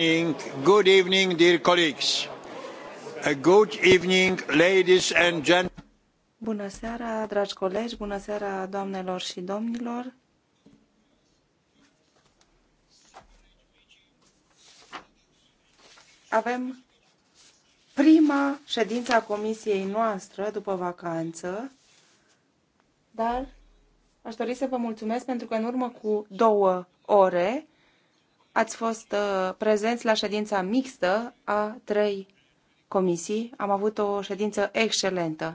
evening, good evening, dear colleagues. A good evening, ladies and gentlemen. Bună seara, dragi colegi, bună seara, doamnelor și domnilor. Avem prima ședință a comisiei noastră după vacanță, dar aș dori să vă mulțumesc pentru că în urmă cu două ore ați fost uh, prezenți la ședința mixtă a trei comisii. Am avut o ședință excelentă.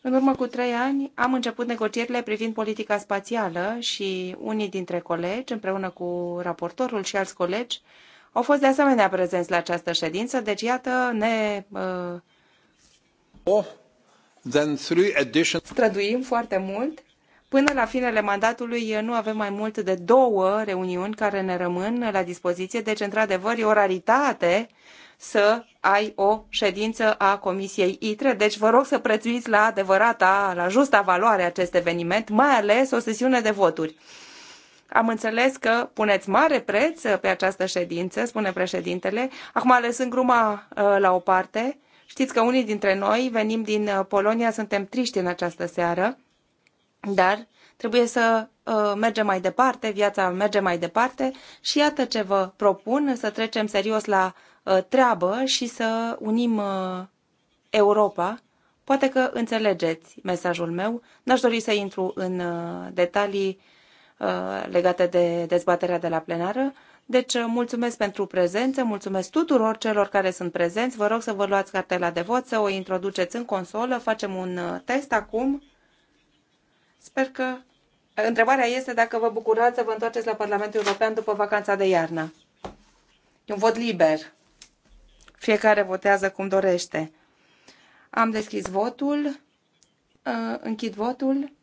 În urmă cu trei ani am început negocierile privind politica spațială și unii dintre colegi, împreună cu raportorul și alți colegi, au fost de asemenea prezenți la această ședință, deci iată ne uh, străduim foarte mult Până la finele mandatului eh, nu avem mai mult de două reuniuni care ne rămân la dispoziție, deci într-adevăr e o raritate să ai o ședință a Comisiei ITRE, deci vă rog să prețuiți la adevărata, la justa valoare acest eveniment, mai ales o sesiune de voturi. Am înțeles că puneți mare preț eh, pe această ședință, spune președintele. Acum lăsând gruma eh, la o parte. Știți că unii dintre noi venim din Polonia, suntem triști în această seară Dar trebuie să uh, mergem mai departe, viața merge mai departe și iată ce vă propun, să trecem serios la uh, treabă și să unim uh, Europa. Poate că înțelegeți mesajul meu. N-aș dori să intru în uh, detalii uh, legate de dezbaterea de la plenară. Deci, uh, mulțumesc pentru prezență, mulțumesc tuturor celor care sunt prezenți. Vă rog să vă luați cartela de vot, să o introduceți în consolă. Facem un uh, test acum. Sper că eh, întrebarea este dacă vă bucurați să vă întoarceți la Parlamentul European după vacanța de iarnă. E un vot liber. Fiecare votează cum dorește. Am deschis votul. Eh, închid votul.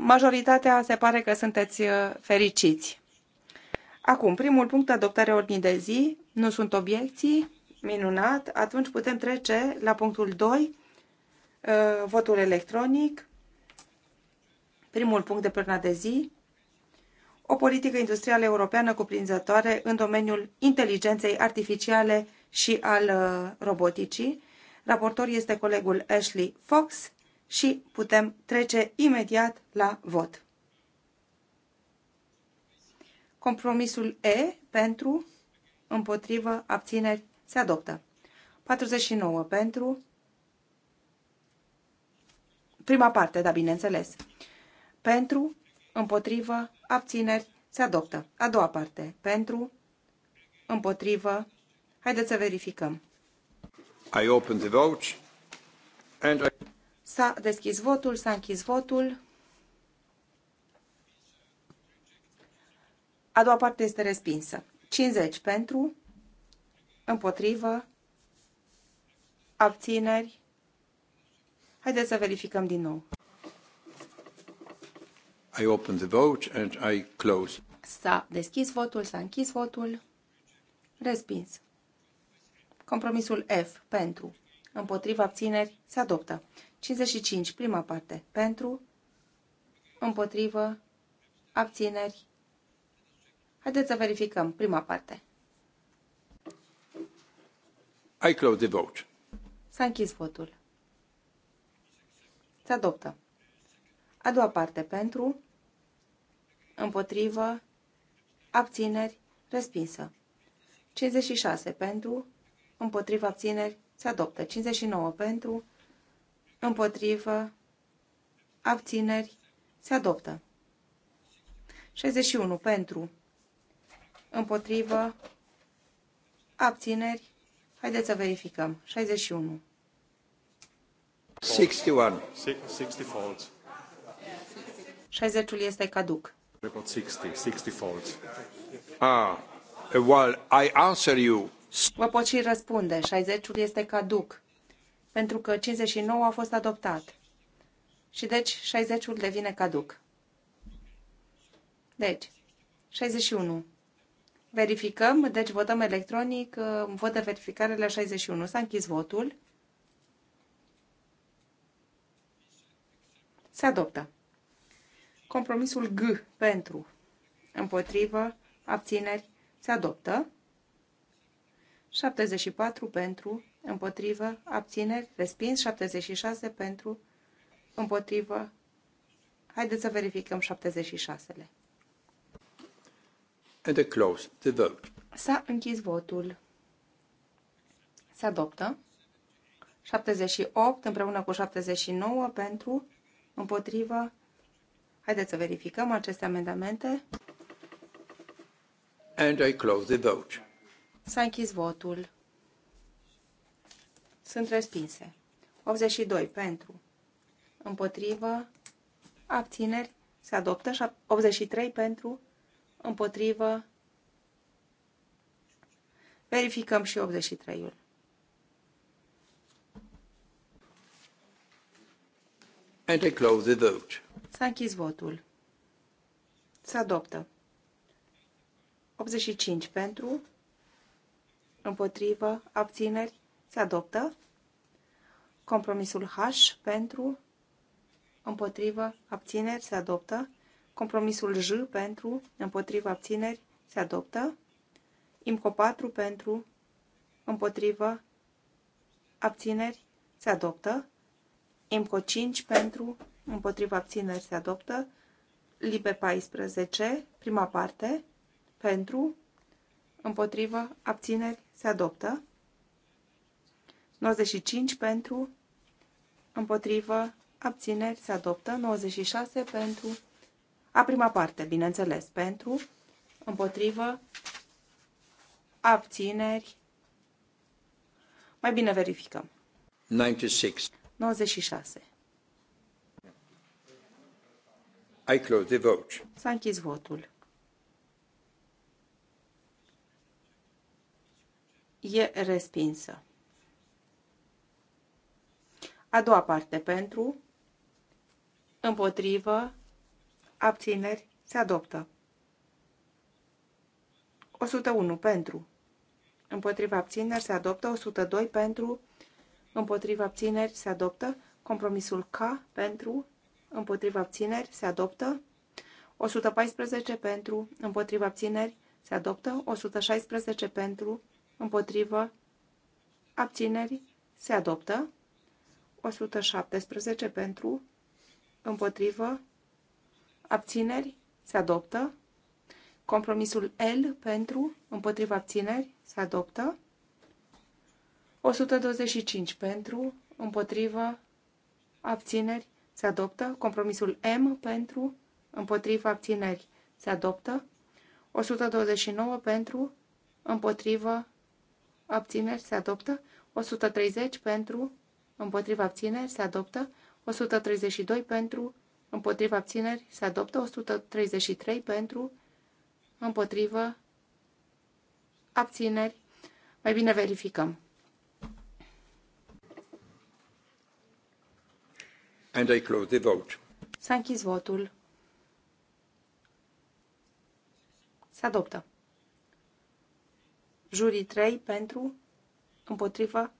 Majoritatea se pare că sunteți eh, fericiți. Acum, primul punct, adoptarea ordinii de zi. Nu sunt obiecții. Minunat. Atunci putem trece la punctul 2, uh, votul electronic. Primul punct de până de zi. O politică industrială europeană cuprinzătoare în domeniul inteligenței artificiale și al uh, roboticii. Raportor este colegul Ashley Fox și putem trece imediat la vot. Compromisul E pentru, împotrivă, abțineri, se adoptă. 49 pentru, prima parte, da, bineînțeles. Pentru, împotrivă, abțineri, se adoptă. A doua parte, pentru, împotrivă, haideți să verificăm. I open the vote and I... S-a deschis votul, s-a închis votul. A doua parte este respinsă. 50 pentru, împotrivă, abțineri. Haideți să verificăm din nou. I open the vote and I close. S-a deschis votul, s-a închis votul. Respins. Compromisul F pentru. Împotriva abțineri se adoptă. 55, prima parte. Pentru. Împotrivă. Abțineri. Haideți să verificăm prima parte. I close the vote. S-a închis votul. Se adoptă. A doua parte pentru, împotrivă, abțineri, respinsă. 56 pentru, împotrivă, abțineri, se adoptă. 59 pentru, împotrivă, abțineri, se adoptă. 61 pentru, împotrivă, abțineri. Haideți să verificăm. 61. 61. 60 fault. 60-ul este caduc. 60, 60 Ah, well, I answer you. Vă pot și răspunde. 60-ul este caduc. Pentru că 59 a fost adoptat. Și deci 60-ul devine caduc. Deci, 61. Verificăm, deci votăm electronic, uh, vot de verificare la 61. S-a închis votul. Se adoptă. Compromisul G pentru, împotrivă, abțineri, se adoptă. 74 pentru, împotrivă, abțineri, respins, 76 pentru, împotrivă. Haideți să verificăm 76-le. And I close the vote. S-a închis votul. Se adoptă. 78 împreună cu 79 pentru, împotrivă. Haideți să verificăm aceste amendamente. And I close the vote. S-a închis votul. Sunt respinse. 82 pentru, împotrivă, abțineri, se adoptă. 83 pentru, împotrivă. Verificăm și 83-ul. And I close the vote. S-a închis votul. Se adoptă. 85 pentru, împotrivă, abțineri, se adoptă. Compromisul H pentru, împotrivă, abțineri, se adoptă. Compromisul J pentru, împotriva abțineri, se adoptă. IMCO 4 pentru, împotriva abțineri, se adoptă. IMCO 5 pentru, împotriva abțineri, se adoptă. Libe 14, prima parte, pentru, împotriva abțineri, se adoptă. 95 pentru, împotrivă, abțineri se adoptă, 96 pentru, A prima parte, bineînțeles, pentru, împotrivă, abțineri. Mai bine verificăm. 96. 96. I close the vote. S-a închis votul. E respinsă. A doua parte pentru, împotrivă, abțineri, se adoptă. 101 pentru, împotriva abțineri, se adoptă. 102 pentru, împotriva abțineri, se adoptă. Compromisul K pentru, împotriva abțineri, se adoptă. 114 pentru, împotriva abțineri, se adoptă. 116 pentru, împotriva abțineri, se adoptă. 117 pentru, împotrivă, abțineri, se adoptă. Compromisul L pentru, împotriva abțineri, se adoptă. 125 pentru, împotriva abțineri, se adoptă. Compromisul M pentru, împotriva abțineri, se adoptă. 129 pentru, împotriva abțineri, se adoptă. 130 pentru, împotriva abțineri, se adoptă. 132 pentru, împotriva abțineri se adoptă 133 pentru, împotriva abțineri. Mai bine verificăm. And I close the vote. S-a închis votul. Se adoptă. Jurii 3 pentru, împotriva,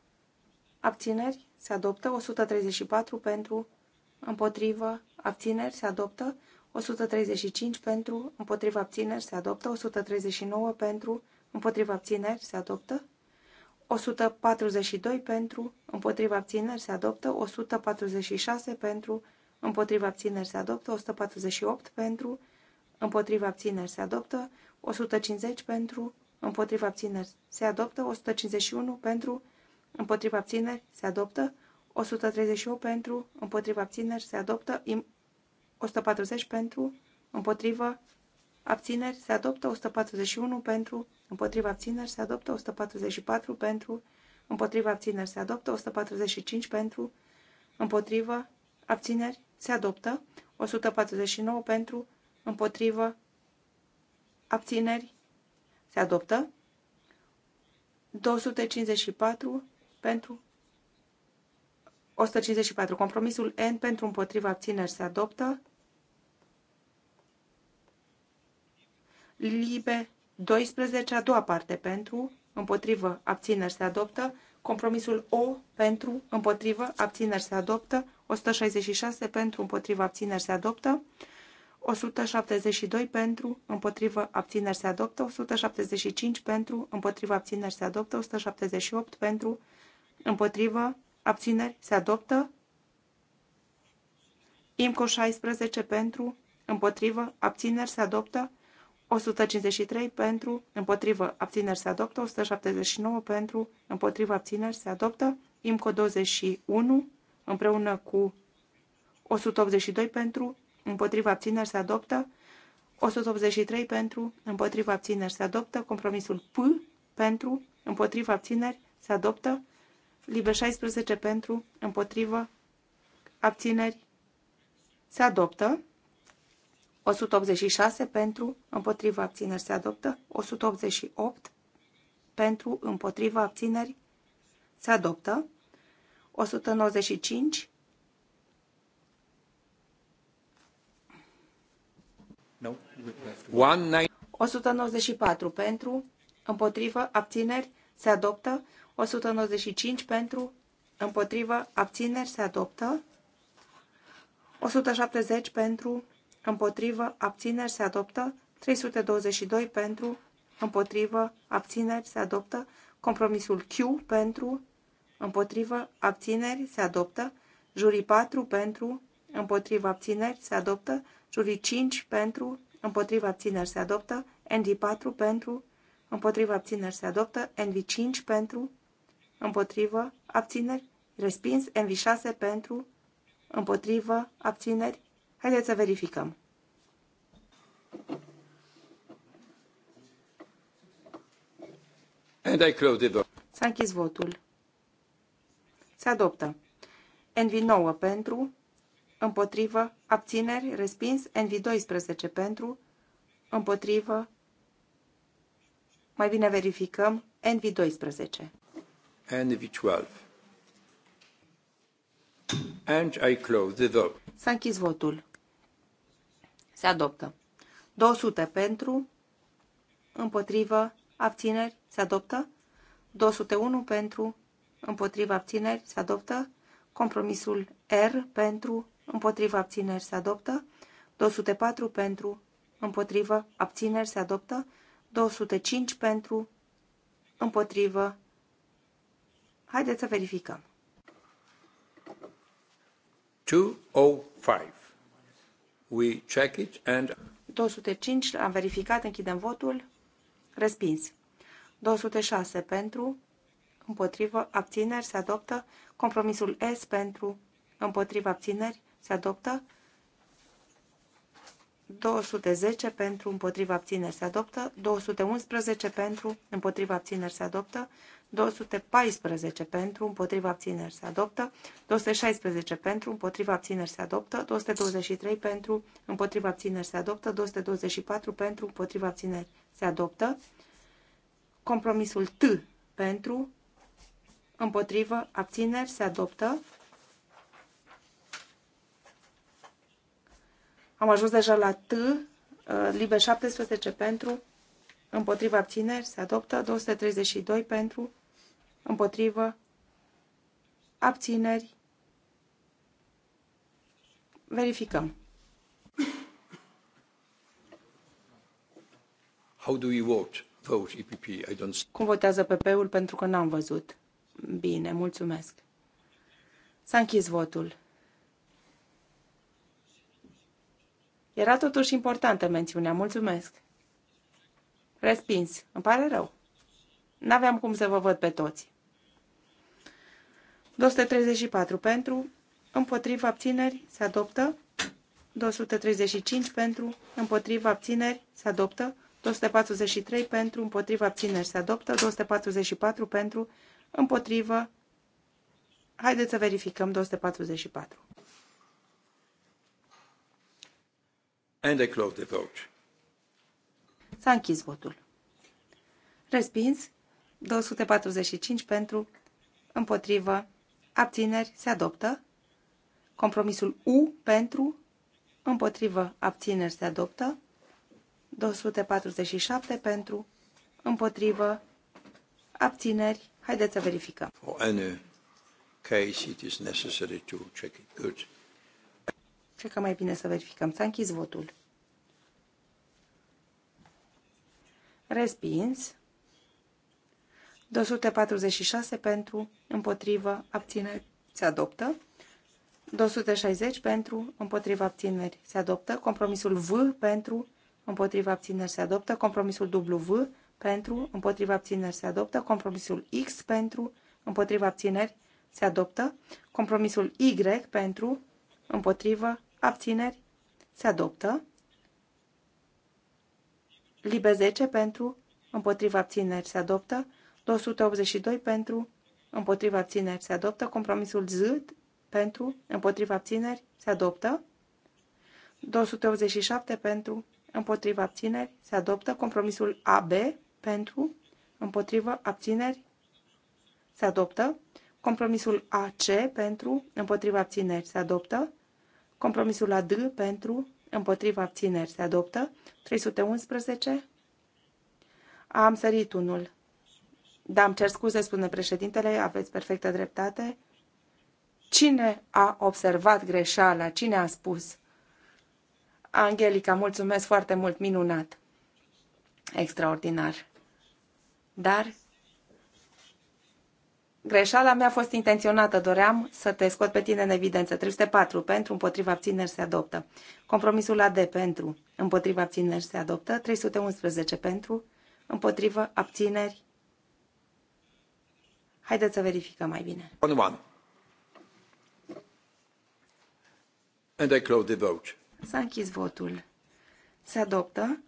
abțineri. Se adoptă 134 pentru, împotrivă, abțineri se adoptă, 135 pentru, împotriva abțineri se adoptă, 139 pentru, împotriva abțineri se adoptă, 142 pentru, împotriva abțineri se adoptă, 146 pentru, împotriva abțineri se adoptă, 148 pentru, împotriva abțineri se adoptă, 150 pentru, împotriva abțineri se adoptă, 151 pentru, împotriva abțineri se adoptă, 138 pentru, împotriva abțineri se adoptă, 140 pentru, împotriva abțineri se adoptă, 141 pentru, împotriva abțineri se adoptă, 144 pentru, împotriva abțineri se adoptă, 145 pentru, împotriva abțineri se adoptă, 149 pentru, împotriva abțineri se adoptă, 254 pentru, 154. Compromisul N pentru împotriva abțineri se adoptă. Libe 12, a doua parte pentru, împotrivă, abțineri se adoptă. Compromisul O pentru, împotrivă, abțineri se adoptă. 166 pentru, împotrivă, abțineri se adoptă. 172 pentru, împotrivă, abțineri se adoptă. 175 pentru, împotrivă, abțineri se adoptă. 178 pentru, împotrivă, abțineri, se adoptă. IMCO 16 pentru, împotrivă, abțineri, se adoptă. 153 pentru, împotrivă, abțineri, se adoptă. 179 pentru, împotrivă, abțineri, se adoptă. IMCO 21 împreună cu 182 pentru, împotriva abțineri se adoptă, 183 pentru, împotriva abțineri se adoptă, compromisul P pentru, împotriva abțineri se adoptă, Liber 16 pentru, împotrivă, abțineri, se adoptă. 186 pentru, împotriva abțineri se adoptă. 188 pentru, împotriva abțineri se adoptă. 195 no. 194 pentru, împotrivă, abțineri, se adoptă. 195 pentru, împotrivă, abțineri se adoptă. 170 pentru, împotrivă, abțineri se adoptă. 322 pentru, împotrivă, abțineri se adoptă. Compromisul Q pentru, împotrivă, abțineri se adoptă. Jurii 4 pentru, împotrivă, abțineri se adoptă. Jurii 5 pentru, împotrivă, abțineri se adoptă. ND4 pentru, împotrivă, abțineri se adoptă. NV5 pentru, împotrivă, abțineri, respins, învișase, 6 pentru, împotrivă, abțineri. Haideți să verificăm. S-a închis votul. Se adoptă. NV9 pentru, împotrivă, abțineri, respins, NV12 pentru, împotrivă, mai bine verificăm, NV12 v 12 And I close the vote. S-a închis votul. Se adoptă. 200 pentru, împotrivă, abțineri, se adoptă. 201 pentru, împotrivă, abțineri, se adoptă. Compromisul R pentru, împotrivă, abțineri, se adoptă. 204 pentru, împotrivă, abțineri, se adoptă. 205 pentru, împotrivă, Haideți să verificăm. 205. We check it and... 205, am verificat, închidem votul. Respins. 206 pentru, împotrivă, abțineri, se adoptă. Compromisul S pentru, împotrivă, abțineri, se adoptă. 210 pentru împotriva abțineri se adoptă, 211 pentru împotriva abțineri se adoptă, 214 pentru împotriva abțineri se adoptă, 216 pentru împotriva abțineri se adoptă, 223 pentru împotriva abțineri se adoptă, 224 pentru împotriva abțineri se adoptă, compromisul T pentru împotriva abțineri se adoptă, Am ajuns deja la T, uh, liber 17 pentru, împotriva abțineri, se adoptă 232 pentru, împotrivă, abțineri, verificăm. How do we vote? Vote EPP. I don't... Cum votează PP-ul pentru că n-am văzut? Bine, mulțumesc. S-a închis votul. Era totuși importantă mențiunea, mulțumesc. Respins, îmi pare rău. N-aveam cum să vă văd pe toți. 234 pentru, împotriva abțineri, se adoptă. 235 pentru, împotriva abțineri, se adoptă. 243 pentru, împotriva abțineri, se adoptă. 244 pentru, împotrivă. Haideți să verificăm 244. And I close the vote. Thank you, închis votul. Respins 245 pentru, împotrivă, abțineri, se adoptă. Compromisul U pentru, împotrivă, abțineri, se adoptă. 247 pentru, împotrivă, abțineri. Haideți să verificăm. For any case it is necessary to check it. Good. Cred că mai bine să verificăm. S-a închis votul. Respins. 246 pentru, împotrivă, abțineri, se adoptă. 260 pentru, împotriva abțineri, se adoptă. Compromisul V pentru, împotriva abțineri, se adoptă. Compromisul W pentru, împotriva abțineri, se adoptă. Compromisul X pentru, împotriva abțineri, se adoptă. Compromisul Y pentru, împotriva abțineri, se adoptă. Libe 10 pentru, împotriva abțineri, se adoptă. 282 pentru, împotriva abțineri, se adoptă. Compromisul Z pentru, împotriva abțineri, se adoptă. 287 pentru, împotriva abțineri, se adoptă. Compromisul AB pentru, împotriva abțineri, se adoptă. Compromisul AC pentru, împotriva abțineri, se adoptă. Compromisul la D pentru, împotriva abțineri se adoptă. 311. Am sărit unul. Da, îmi cer scuze, spune președintele, aveți perfectă dreptate. Cine a observat greșeala? Cine a spus? Angelica, mulțumesc foarte mult, minunat. Extraordinar. Dar Greșeala mea a fost intenționată, doream să te scot pe tine în evidență. 304 pentru, împotriva abțineri se adoptă. Compromisul AD pentru, împotriva abțineri se adoptă. 311 pentru, împotriva abțineri. Haideți să verificăm mai bine. On one. And I close the vote. S-a închis votul. Se adoptă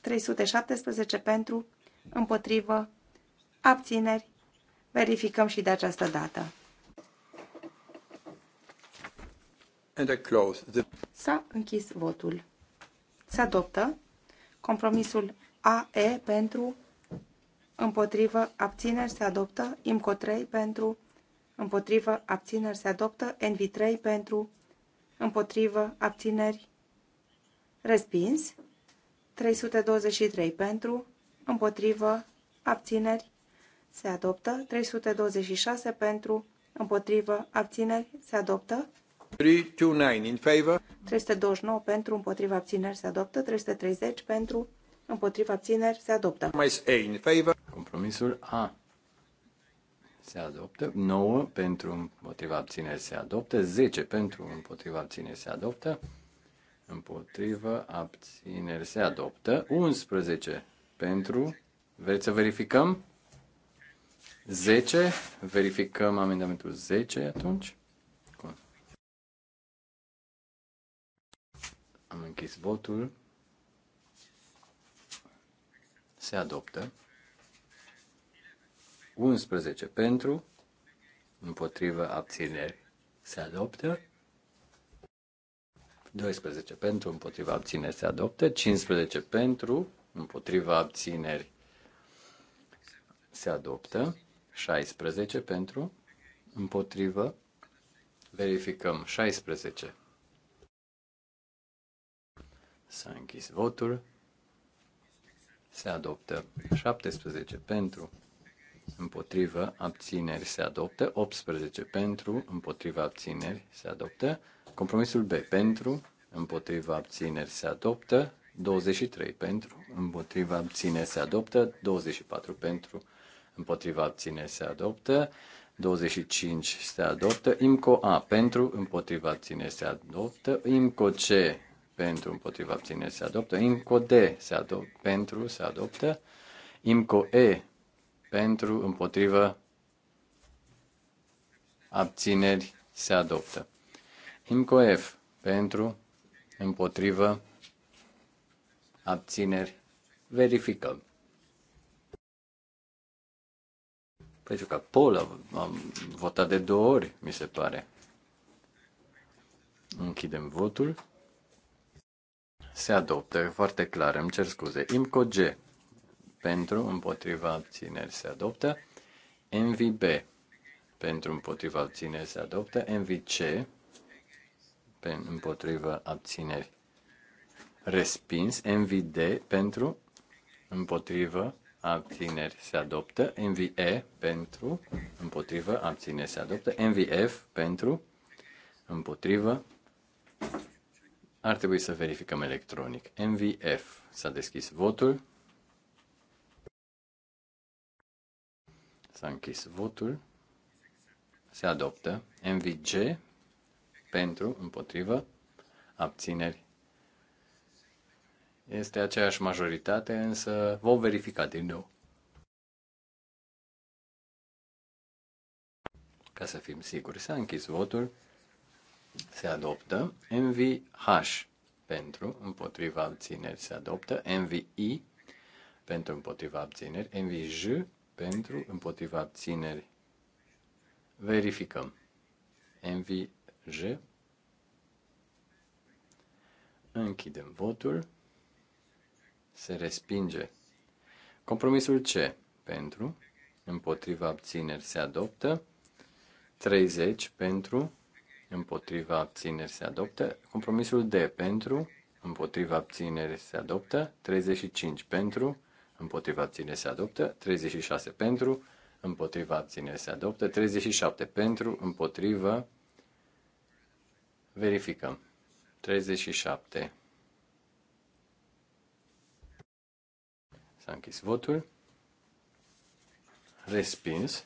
317 pentru, împotrivă, abțineri, Verificăm și de această dată. And I close the... S-a închis votul. Se adoptă compromisul AE pentru împotrivă abțineri se adoptă, IMCO 3 pentru împotrivă abțineri se adoptă, NV 3 pentru împotrivă abțineri respins, 323 pentru împotrivă abțineri se adoptă. 326 pentru, împotrivă, abțineri, se adoptă. 329 in favor. 329 pentru, împotrivă, abțineri, se adoptă. 330 pentru, împotrivă, abțineri, se adoptă. Mai A in favor. Compromisul A se adoptă, 9 pentru împotriva abțineri se adoptă, 10 pentru împotriva abțineri se adoptă, împotriva abțineri se adoptă, 11 pentru, vreți să verificăm? 10, verificăm amendamentul 10 atunci. Am închis votul. Se adoptă. 11 pentru, împotrivă abțineri. Se adoptă. 12 pentru, împotriva abțineri se adoptă, 15 pentru, împotriva abțineri se adoptă, 16 pentru, împotrivă, verificăm 16. S-a închis votul. Se adoptă 17 pentru, împotrivă, abțineri se adoptă, 18 pentru, împotriva abțineri se adoptă, compromisul B pentru, împotriva abțineri se adoptă, 23 pentru, împotriva abțineri se adoptă, 24 pentru, împotriva abțineri se adoptă, 25 se adoptă, IMCO A pentru împotriva abțineri se adoptă, IMCO C pentru împotriva abțineri se adoptă, IMCO D se adoptă, pentru se adoptă, IMCO E pentru împotriva abțineri se adoptă. IMCO F pentru împotriva abțineri verificăm. Pentru că Pola a de două ori, mi se pare. Închidem votul. Se adopte foarte clar, îmi cer scuze. IMCO G. Pentru, împotriva, abțineri se adoptă. B, Pentru, împotriva, abțineri se adoptă. MVC. Pentru, împotriva, abțineri. Respins. D Pentru, împotriva, abțineri se adoptă, NVE pentru, împotrivă, abțineri se adoptă, F pentru, împotrivă, ar trebui să verificăm electronic. MVF s-a deschis votul, s-a închis votul, se adoptă, G. pentru, împotrivă, abțineri Este aceeași majoritate, însă vom verifica din nou. Ca să fim siguri, s-a închis votul. Se adoptă MVH pentru împotriva abțineri se adoptă, MVI pentru împotriva abțineri, MVJ pentru împotriva abțineri. Verificăm. MVJ. Închidem votul se respinge. Compromisul C pentru, împotriva abțineri se adoptă. 30 pentru, împotriva abțineri se adoptă. Compromisul D pentru, împotriva abțineri se adoptă. 35 pentru, împotriva abțineri se adoptă. 36 pentru, împotriva abțineri se adoptă. 37 pentru, împotriva verificăm. 37 s închis votul. Respins.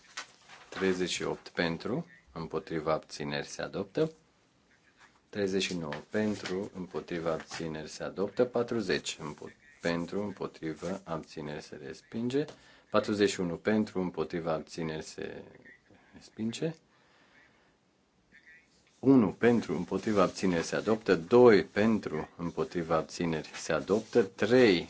38 pentru, împotriva abțineri se adoptă. 39 pentru, împotriva abțineri se adoptă. 40 pentru, împotriva abțineri se respinge. 41 pentru, împotriva abțineri se respinge. 1 pentru, împotriva abțineri se adoptă. 2 pentru, împotriva abțineri se adoptă. 3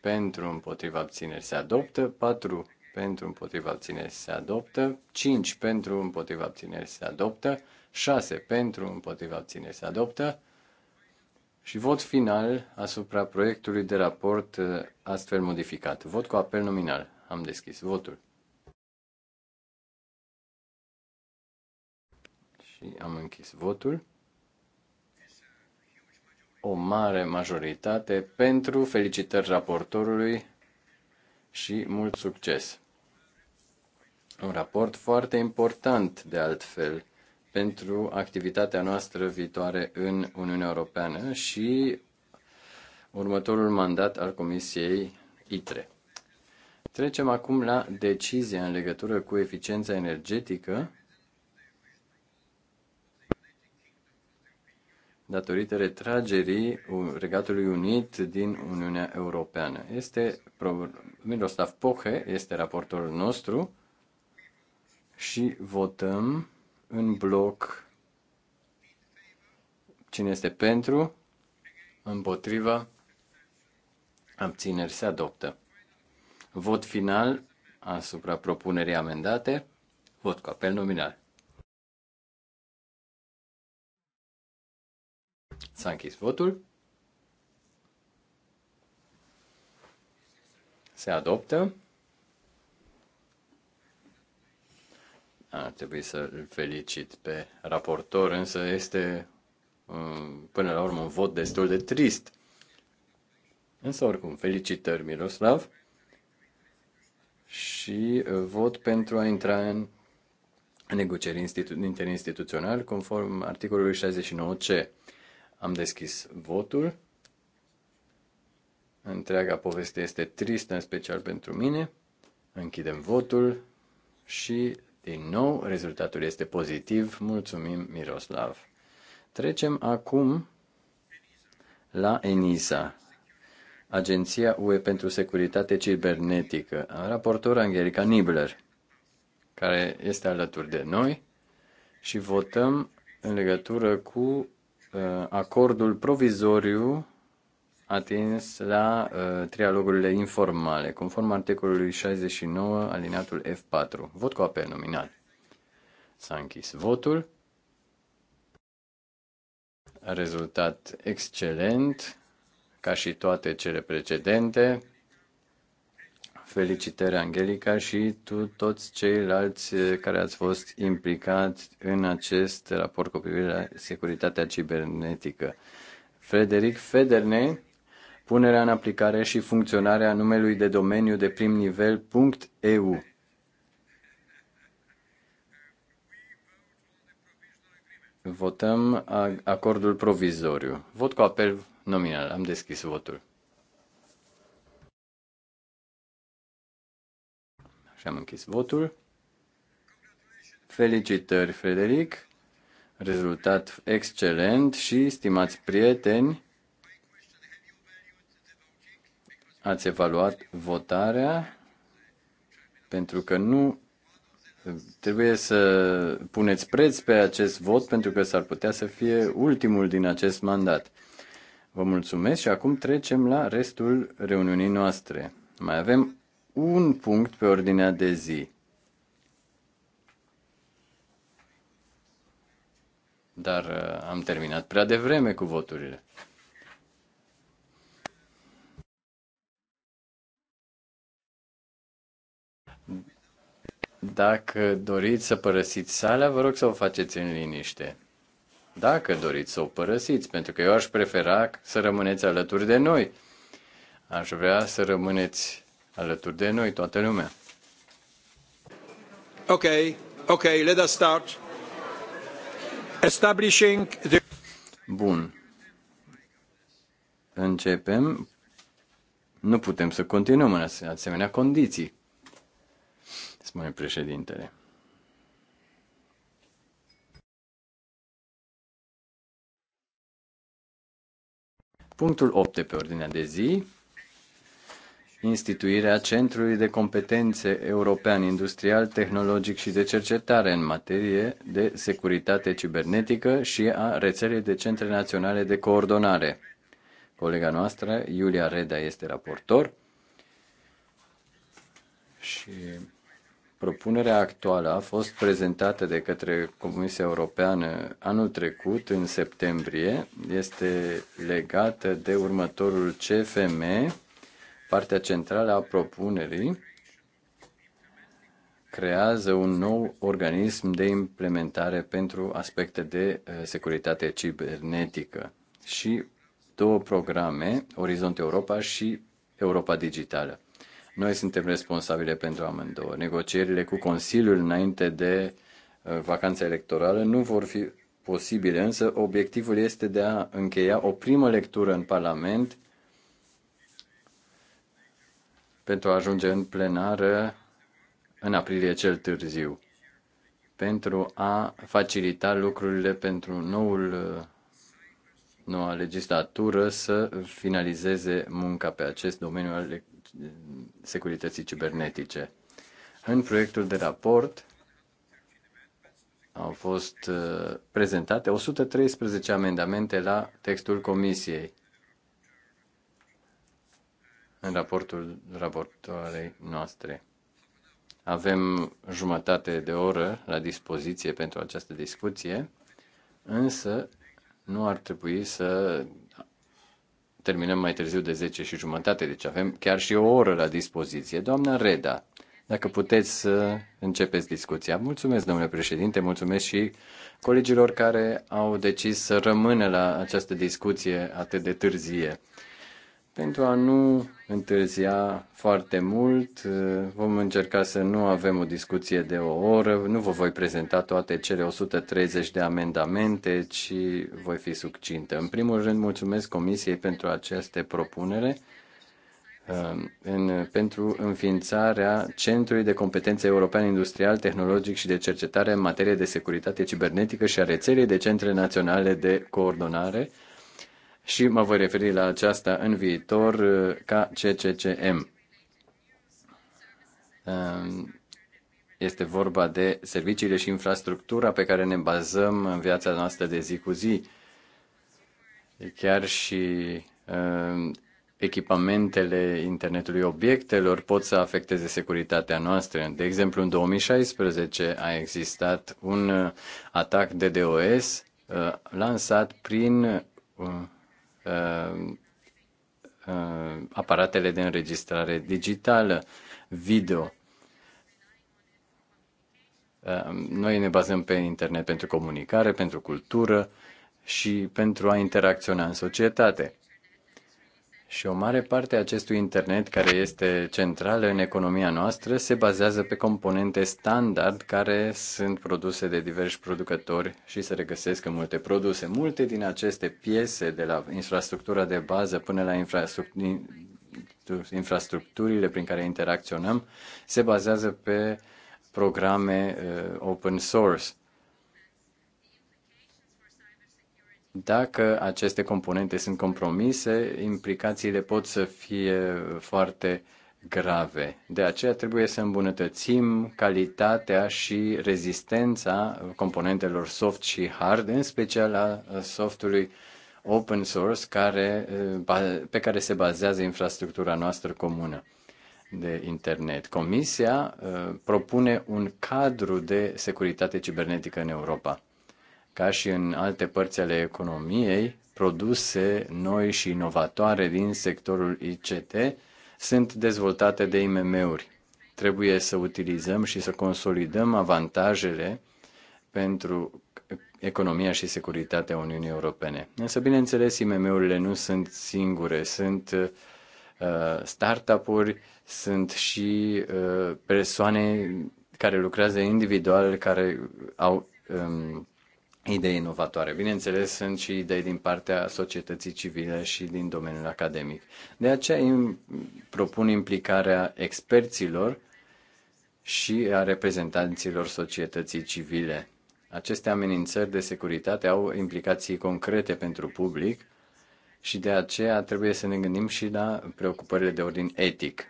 pentru împotriva abțineri se adoptă, 4 pentru împotriva abțineri se adoptă, 5 pentru împotriva abțineri se adoptă, 6 pentru împotriva abțineri se adoptă și vot final asupra proiectului de raport uh, astfel modificat. Vot cu apel nominal. Am deschis votul. Și am închis votul o mare majoritate pentru felicitări raportorului și mult succes. Un raport foarte important, de altfel, pentru activitatea noastră viitoare în Uniunea Europeană și următorul mandat al Comisiei ITRE. Trecem acum la decizia în legătură cu eficiența energetică datorită retragerii Regatului Unit din Uniunea Europeană. Este Miroslav Poche este raportorul nostru și votăm în bloc cine este pentru, împotriva, abțineri se adoptă. Vot final asupra propunerii amendate, vot cu apel nominal. Sankis a închis votul. Se adoptă. Ar trebui să îl felicit pe raportor, însă este uh, până la urmă un vot destul de trist. Însă oricum, felicitări Miroslav și uh, vot pentru a intra în negocieri interinstituțional conform articolului 69C. Am deschis votul. Întreaga poveste este tristă, în special pentru mine. Închidem votul și, din nou, rezultatul este pozitiv. Mulțumim, Miroslav. Trecem acum la ENISA, Agenția UE pentru Securitate Cibernetică, raportor Angelica Nibler, care este alături de noi și votăm în legătură cu Eh, acordul provizoriu atins la uh, trialogurile informale, conform articolului 69, alineatul F4. Vot cu apel nominal. S-a închis votul. Rezultat excelent, ca și toate cele precedente. Felicitări, Angelica, și tu, toți ceilalți eh, care ați fost implicați în acest raport cu privire la securitatea cibernetică. Frederic Federne, punerea în aplicare și funcționarea numelui de domeniu de prim nivel .eu. Votăm acordul provizoriu. Vot cu apel nominal. Am deschis votul. Și am închis votul. Felicitări, Frederic! Rezultat excelent și, stimați prieteni, ați evaluat votarea pentru că nu trebuie să puneți preț pe acest vot pentru că s-ar putea să fie ultimul din acest mandat. Vă mulțumesc și acum trecem la restul reuniunii noastre. Mai avem un punct pe ordinea de zi. Dar uh, am terminat prea devreme cu voturile. Dacă doriți să părăsiți sala, vă rog să o faceți în liniște. Dacă doriți să o părăsiți, pentru că eu aș prefera să rămâneți alături de noi. Aș vrea să rămâneți alături de noi, toată lumea. Ok, ok, let us start. Establishing the... Bun. Începem. Nu putem să continuăm în asemenea condiții, spune președintele. Punctul 8 pe ordinea de zi instituirea Centrului de Competențe European Industrial, Tehnologic și de Cercetare în materie de securitate cibernetică și a rețelei de centre naționale de coordonare. Colega noastră, Iulia Reda, este raportor și propunerea actuală a fost prezentată de către Comisia Europeană anul trecut, în septembrie. Este legată de următorul CFM, Partea centrală a propunerii creează un nou organism de implementare pentru aspecte de eh, securitate cibernetică și două programe, Orizont Europa și Europa Digitală. Noi suntem responsabile pentru amândouă. Negocierile cu Consiliul înainte de eh, vacanța electorală nu vor fi posibile, însă obiectivul este de a încheia o primă lectură în Parlament pentru a ajunge în plenară în aprilie cel târziu, pentru a facilita lucrurile pentru noul, noua legislatură să finalizeze munca pe acest domeniu al securității cibernetice. În proiectul de raport au fost uh, prezentate 113 amendamente la textul Comisiei în raportul raportoarei noastre. Avem jumătate de oră la dispoziție pentru această discuție, însă nu ar trebui să terminăm mai târziu de 10 și jumătate, deci avem chiar și o oră la dispoziție. Doamna Reda, dacă puteți să începeți discuția. Mulțumesc, domnule președinte, mulțumesc și colegilor care au decis să rămână la această discuție atât de târzie. Pentru a nu întârzia foarte mult, uh, vom încerca să nu avem o discuție de o oră. Nu vă voi prezenta toate cele 130 de amendamente, ci voi fi succintă. În primul rând, mulțumesc Comisiei pentru aceste propunere uh, în, pentru înființarea Centrului de Competențe European Industrial, Tehnologic și de Cercetare în materie de securitate cibernetică și a rețelei de centre naționale de coordonare și mă voi referi la aceasta în viitor uh, ca CCCM. Um, este vorba de serviciile și infrastructura pe care ne bazăm în viața noastră de zi cu zi. Chiar și um, echipamentele internetului obiectelor pot să afecteze securitatea noastră. De exemplu, în 2016 a existat un uh, atac DDoS uh, lansat prin Ehm, ehm, aparatele de înregistrare digitală, video. Ehm, noi ne bazăm pe internet pentru comunicare, pentru cultură și pentru a interacționa în societate. Și o mare parte a acestui internet, care este centrală în economia noastră, se bazează pe componente standard care sunt produse de diversi producători și se regăsesc în multe produse. Multe din aceste piese, de la infrastructura de bază până la infrastructurile prin care interacționăm, se bazează pe programe uh, open source. Dacă aceste componente sunt compromise, implicațiile pot să fie foarte grave. De aceea trebuie să îmbunătățim calitatea și rezistența componentelor soft și hard, în special a softului open source care, pe care se bazează infrastructura noastră comună de internet. Comisia uh, propune un cadru de securitate cibernetică în Europa. Ca și în alte părți ale economiei, produse noi și inovatoare din sectorul ICT sunt dezvoltate de IMM-uri. Trebuie să utilizăm și să consolidăm avantajele pentru economia și securitatea Uniunii Europene. Însă, bineînțeles, IMM-urile nu sunt singure, sunt uh, startup-uri, sunt și uh, persoane care lucrează individual, care au um, idei inovatoare. Bineînțeles, sunt și idei din partea societății civile și din domeniul academic. De aceea propun implicarea experților și a reprezentanților societății civile. Aceste amenințări de securitate au implicații concrete pentru public și de aceea trebuie să ne gândim și la preocupările de ordin etic.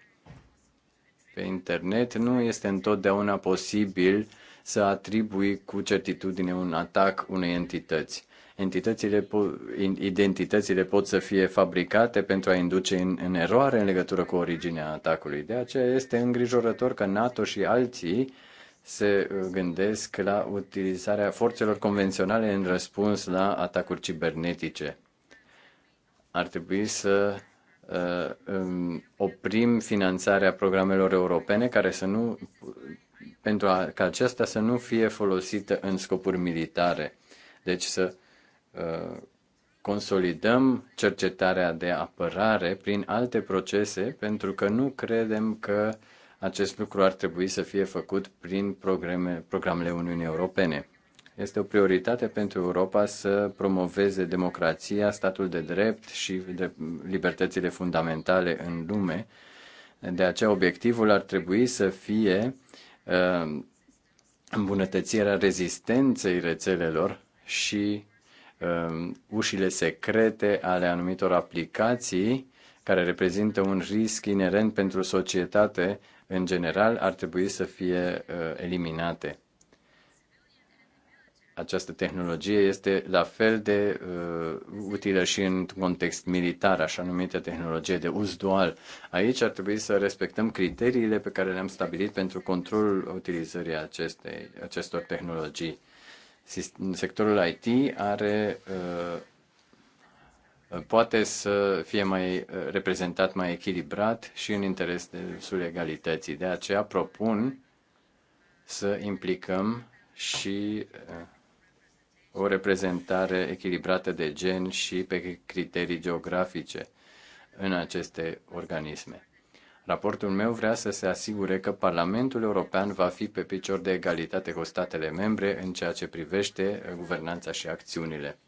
Pe internet nu este întotdeauna posibil să atribui cu certitudine un atac unei entități. Entitățile po- identitățile pot să fie fabricate pentru a induce în, în eroare în legătură cu originea atacului. De aceea este îngrijorător că NATO și alții se uh, gândesc la utilizarea forțelor convenționale în răspuns la atacuri cibernetice. Ar trebui să uh, um, oprim finanțarea programelor europene care să nu pentru a, ca aceasta să nu fie folosită în scopuri militare. Deci să uh, consolidăm cercetarea de apărare prin alte procese, pentru că nu credem că acest lucru ar trebui să fie făcut prin programe, programele Uniunii Europene. Este o prioritate pentru Europa să promoveze democrația, statul de drept și de libertățile fundamentale în lume. De aceea, obiectivul ar trebui să fie Um, îmbunătățirea rezistenței rețelelor și um, ușile secrete ale anumitor aplicații care reprezintă un risc inerent pentru societate în general ar trebui să fie uh, eliminate această tehnologie este la fel de uh, utilă și în context militar, așa numită tehnologie de uz dual. Aici ar trebui să respectăm criteriile pe care le-am stabilit pentru controlul utilizării acestei, acestor tehnologii. Sectorul IT are uh, poate să fie mai uh, reprezentat mai echilibrat și în interesul egalității. De aceea propun să implicăm și uh, o reprezentare echilibrată de gen și pe criterii geografice în aceste organisme. Raportul meu vrea să se asigure că Parlamentul European va fi pe picior de egalitate cu statele membre în ceea ce privește guvernanța și acțiunile.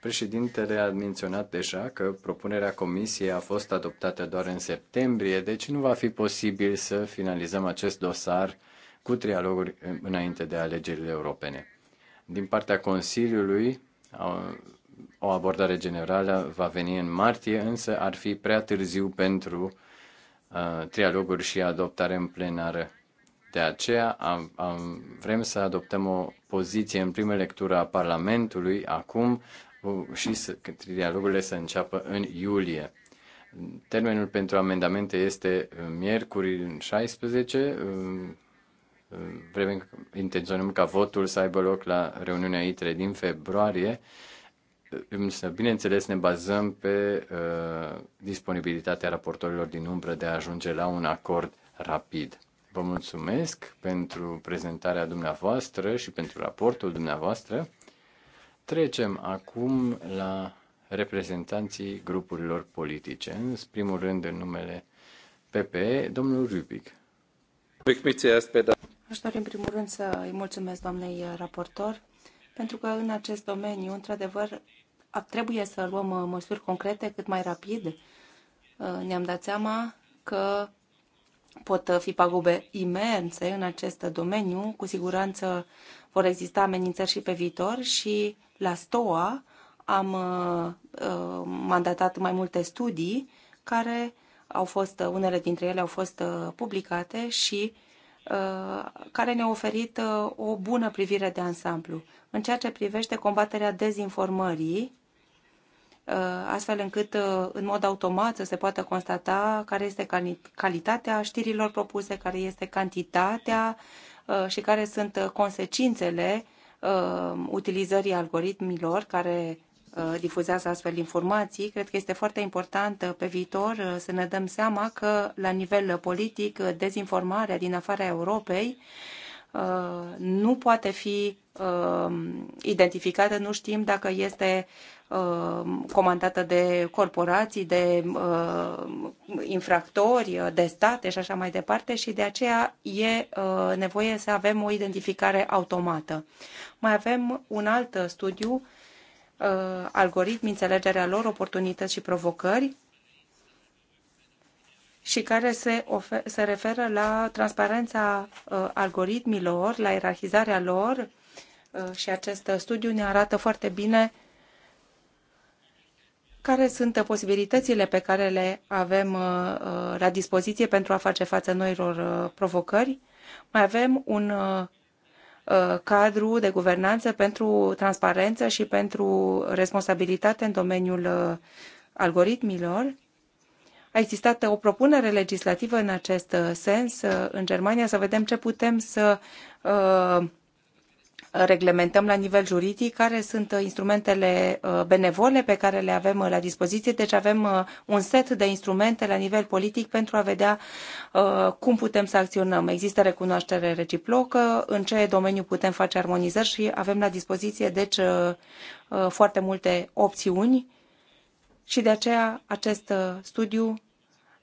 Președintele a menționat deja că propunerea Comisiei a fost adoptată doar în septembrie, deci nu va fi posibil să finalizăm acest dosar cu trialoguri înainte de alegerile europene din partea Consiliului, o abordare generală va veni în martie, însă ar fi prea târziu pentru uh, trialoguri și adoptare în plenare. De aceea am, am, vrem să adoptăm o poziție în primă lectură a Parlamentului acum și să, trialogurile să înceapă în iulie. Termenul pentru amendamente este uh, miercuri 16, Vrem, intenzjoni ca votul să aibă loc la reuniunea ITRE din februarie, însă, bineînțeles, ne bazăm pe uh, disponibilitatea raportorilor din umbră de a ajunge la un acord rapid. Vă mulțumesc pentru prezentarea dumneavoastră și pentru raportul dumneavoastră. Trecem acum la reprezentanții grupurilor politice. În primul rând, în numele PPE, domnul Rubic. Aș dori în primul rând să îi mulțumesc doamnei raportor, pentru că în acest domeniu, într-adevăr, trebuie să luăm uh, măsuri concrete cât mai rapid. Uh, ne-am dat seama că pot uh, fi pagube imense în acest domeniu. Cu siguranță vor exista amenințări și pe viitor și la STOA am mandatat mai multe studii care au fost, unele dintre ele au fost publicate și uh, Uh, care ne-a oferit uh, o bună privire de ansamblu. În ceea ce privește combaterea dezinformării, uh, astfel încât în mod automat să se poată constata care este calitatea știrilor propuse, care este cantitatea și care sunt consecințele utilizării algoritmilor care Uh, difuzează astfel informații. Cred că este foarte important uh, pe viitor uh, să ne dăm seama că la nivel politic dezinformarea din afara Europei nu poate fi identificată, nu știm dacă este comandată de corporații, de infractori, de state și așa mai departe și de aceea e nevoie să avem o identificare automată. Mai avem un alt studiu Uh, algoritmi, înțelegerea lor, oportunități și provocări și care se, se referă la transparența uh, algoritmilor, la ierarhizarea lor uh, și acest studiu ne arată foarte bine care sunt posibilitățile pe care le avem la dispoziție pentru a face față noilor provocări. Mai avem un Uh, cadru de guvernanță pentru transparență și pentru responsabilitate în domeniul uh, algoritmilor. A existat o propunere legislativă în acest uh, sens în Germania, să vedem ce putem să uh, reglementăm la nivel juridic care sunt uh, instrumentele uh, benevole pe care le avem uh, la dispoziție. Deci avem un set de instrumente la nivel politic pentru a vedea cum putem să acționăm. Există recunoaștere reciprocă, în ce domeniu putem face armonizări și avem la dispoziție deci foarte multe opțiuni și de aceea acest studiu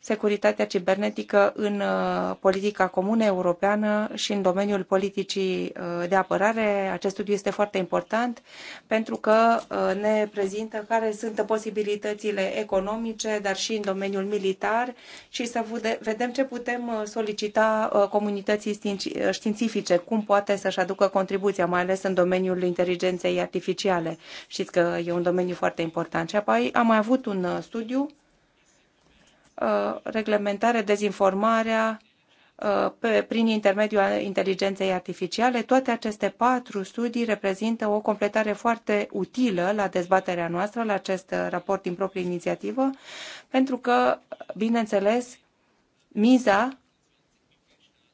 securitatea cibernetică în uh, politica comună europeană și în domeniul politicii uh, de apărare. Acest studiu este foarte important pentru că uh, ne prezintă care sunt posibilitățile economice, dar și în domeniul militar și să vedem ce putem solicita comunității științifice, cum poate să-și aducă contribuția, mai ales în domeniul inteligenței artificiale. Știți că e un domeniu foarte important. Și apoi am mai avut un studiu Uh, reglementare dezinformarea uh, pe, prin intermediul inteligenței artificiale. Toate aceste patru studii reprezintă o completare foarte utilă la dezbaterea noastră, la acest raport din proprie inițiativă, pentru că, bineînțeles, miza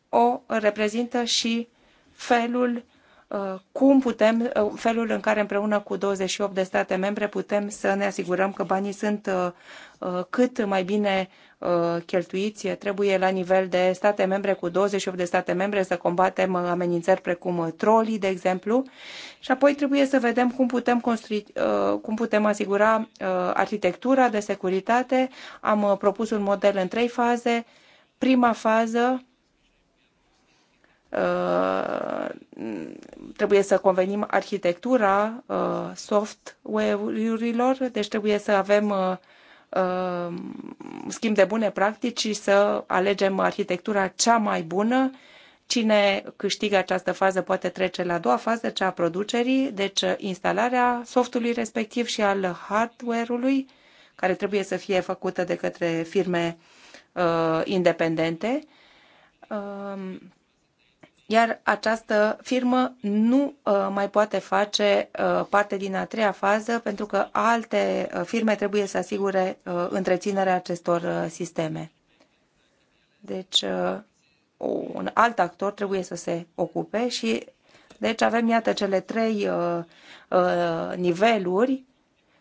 o reprezintă și felul Uh, cum putem, uh, felul în care împreună cu 28 de state membre putem să ne asigurăm că banii sunt uh, cât mai bine cheltuiți. Trebuie la nivel de state membre cu 28 de state membre să combatem amenințări precum trolii, de exemplu, și apoi trebuie să vedem cum putem, construi, cum putem asigura arhitectura de securitate. Am propus un model în trei faze. Prima fază Uh, trebuie să convenim arhitectura uh, software-urilor, deci trebuie să avem uh, schimb de bune practici și să alegem arhitectura cea mai bună. Cine câștigă această fază poate trece la a doua fază, cea a producerii, deci instalarea softului respectiv și al hardware-ului, care trebuie să fie făcută de către firme uh, independente. Uh, iar această firmă nu uh, mai poate face uh, parte din a treia fază pentru că alte uh, firme trebuie să asigure întreținerea acestor sisteme. Deci, un alt actor trebuie să se ocupe și deci avem, iată, cele trei niveluri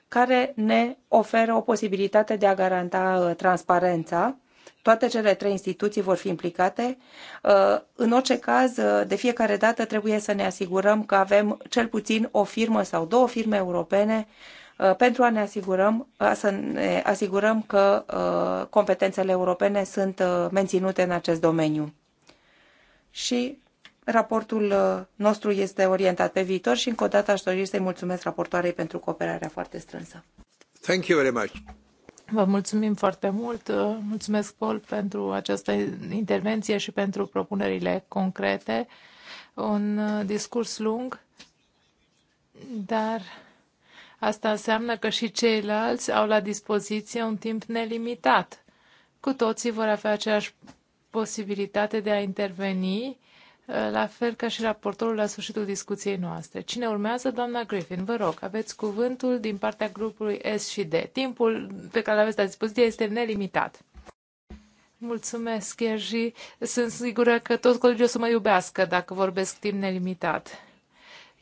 care ne oferă o posibilitate de a garanta transparența toate cele trei instituții vor fi implicate. Uh, în orice caz, uh, de fiecare dată trebuie să ne asigurăm că avem cel puțin o firmă sau două firme europene uh, pentru a ne asigurăm, să ne asigurăm că competențele europene sunt menținute în acest domeniu. Și raportul nostru este orientat pe viitor și încă o dată aș dori să-i mulțumesc raportoarei pentru cooperarea foarte strânsă. Thank you very much. Vă mulțumim foarte mult. Mulțumesc, Paul, pentru această intervenție și pentru propunerile concrete. Un uh, discurs lung, dar asta înseamnă că și ceilalți au la dispoziție un timp nelimitat. Cu toții vor avea aceeași posibilitate de a interveni Eh, la fel ca și raportorul la sfârșitul discuției noastre. Cine urmează? Doamna Griffin, vă rog, aveți cuvântul din partea grupului S și D. Timpul pe care l-aveți la dispoziție este nelimitat. Mulțumesc, Ierji. Sunt sigură că toți colegii o să mă iubească dacă vorbesc timp nelimitat.